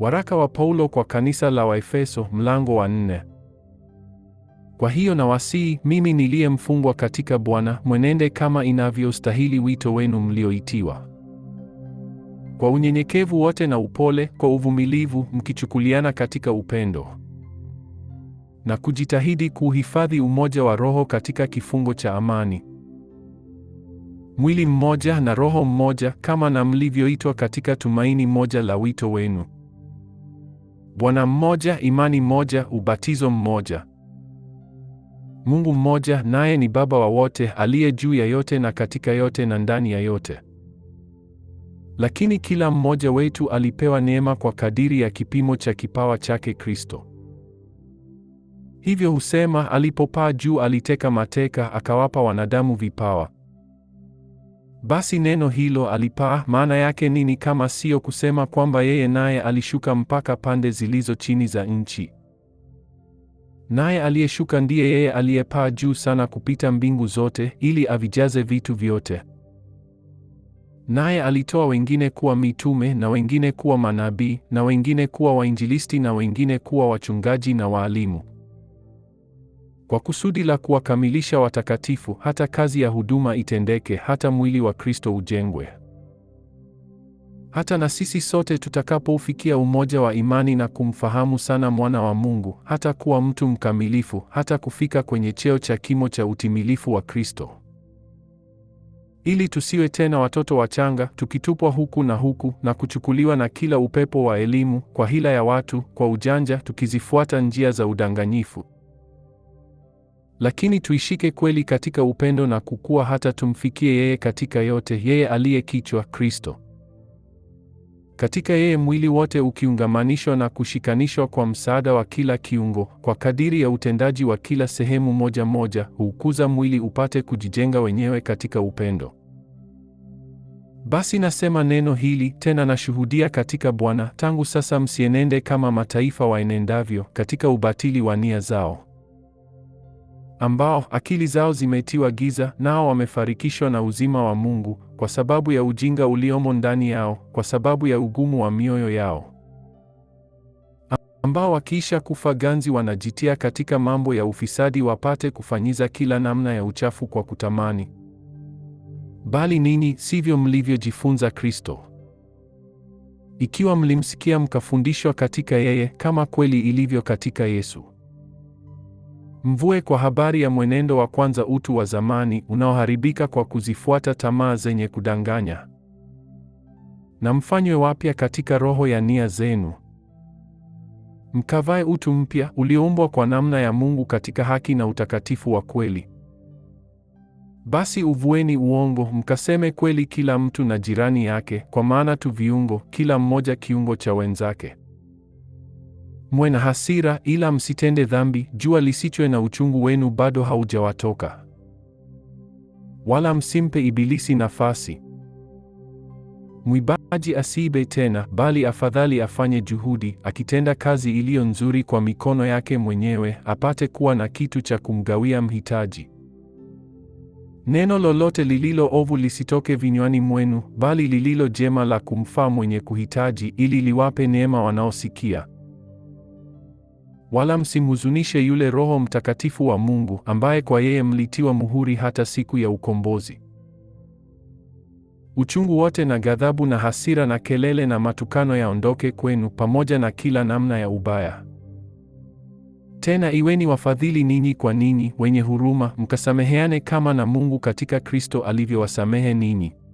Waraka wa Paulo kwa kanisa la Waefeso mlango wa nne. Kwa hiyo nawasihi mimi niliyemfungwa mfungwa katika Bwana, mwenende kama inavyostahili wito wenu mlioitiwa, kwa unyenyekevu wote na upole, kwa uvumilivu, mkichukuliana katika upendo, na kujitahidi kuhifadhi umoja wa roho katika kifungo cha amani. Mwili mmoja na roho mmoja, kama na mlivyoitwa katika tumaini moja la wito wenu. Bwana mmoja, imani moja, ubatizo mmoja. Mungu mmoja, naye ni Baba wa wote, aliye juu ya yote na katika yote na ndani ya yote. Lakini kila mmoja wetu alipewa neema kwa kadiri ya kipimo cha kipawa chake Kristo. Hivyo husema, alipopaa juu aliteka mateka, akawapa wanadamu vipawa. Basi neno hilo alipaa maana yake nini kama sio kusema kwamba yeye naye alishuka mpaka pande zilizo chini za nchi? Naye aliyeshuka ndiye yeye aliyepaa juu sana kupita mbingu zote, ili avijaze vitu vyote. Naye alitoa wengine kuwa mitume, na wengine kuwa manabii, na wengine kuwa wainjilisti, na wengine kuwa wachungaji na waalimu kwa kusudi la kuwakamilisha watakatifu, hata kazi ya huduma itendeke, hata mwili wa Kristo ujengwe. Hata na sisi sote tutakapoufikia umoja wa imani na kumfahamu sana mwana wa Mungu, hata kuwa mtu mkamilifu, hata kufika kwenye cheo cha kimo cha utimilifu wa Kristo, ili tusiwe tena watoto wachanga tukitupwa huku na huku na kuchukuliwa na kila upepo wa elimu, kwa hila ya watu, kwa ujanja, tukizifuata njia za udanganyifu. Lakini tuishike kweli katika upendo na kukua hata tumfikie yeye katika yote, yeye aliye kichwa, Kristo. Katika yeye mwili wote ukiungamanishwa na kushikanishwa kwa msaada wa kila kiungo, kwa kadiri ya utendaji wa kila sehemu moja moja, huukuza mwili upate kujijenga wenyewe katika upendo. Basi nasema neno hili tena, nashuhudia katika Bwana, tangu sasa msienende kama mataifa waenendavyo katika ubatili wa nia zao, ambao akili zao zimetiwa giza, nao wamefarikishwa na uzima wa Mungu kwa sababu ya ujinga uliomo ndani yao, kwa sababu ya ugumu wa mioyo yao, ambao wakiisha kufa ganzi wanajitia katika mambo ya ufisadi, wapate kufanyiza kila namna ya uchafu kwa kutamani. Bali ninyi sivyo mlivyojifunza Kristo, ikiwa mlimsikia mkafundishwa katika yeye, kama kweli ilivyo katika Yesu. Mvue kwa habari ya mwenendo wa kwanza utu wa zamani unaoharibika kwa kuzifuata tamaa zenye kudanganya. Na mfanywe wapya katika roho ya nia zenu. Mkavae utu mpya ulioumbwa kwa namna ya Mungu katika haki na utakatifu wa kweli. Basi uvueni uongo, mkaseme kweli kila mtu na jirani yake, kwa maana tu viungo, kila mmoja kiungo cha wenzake. Mwe na hasira, ila msitende dhambi; jua lisichwe na uchungu wenu bado haujawatoka, wala msimpe Ibilisi nafasi. Mwibaji asiibe tena, bali afadhali afanye juhudi, akitenda kazi iliyo nzuri kwa mikono yake mwenyewe, apate kuwa na kitu cha kumgawia mhitaji. Neno lolote lililo ovu lisitoke vinywani mwenu, bali lililo jema la kumfaa mwenye kuhitaji, ili liwape neema wanaosikia. Wala msimhuzunishe yule Roho Mtakatifu wa Mungu ambaye kwa yeye mlitiwa muhuri hata siku ya ukombozi. Uchungu wote na ghadhabu na hasira na kelele na matukano yaondoke kwenu, pamoja na kila namna ya ubaya. Tena iweni wafadhili ninyi kwa ninyi, wenye huruma, mkasameheane kama na Mungu katika Kristo alivyowasamehe ninyi.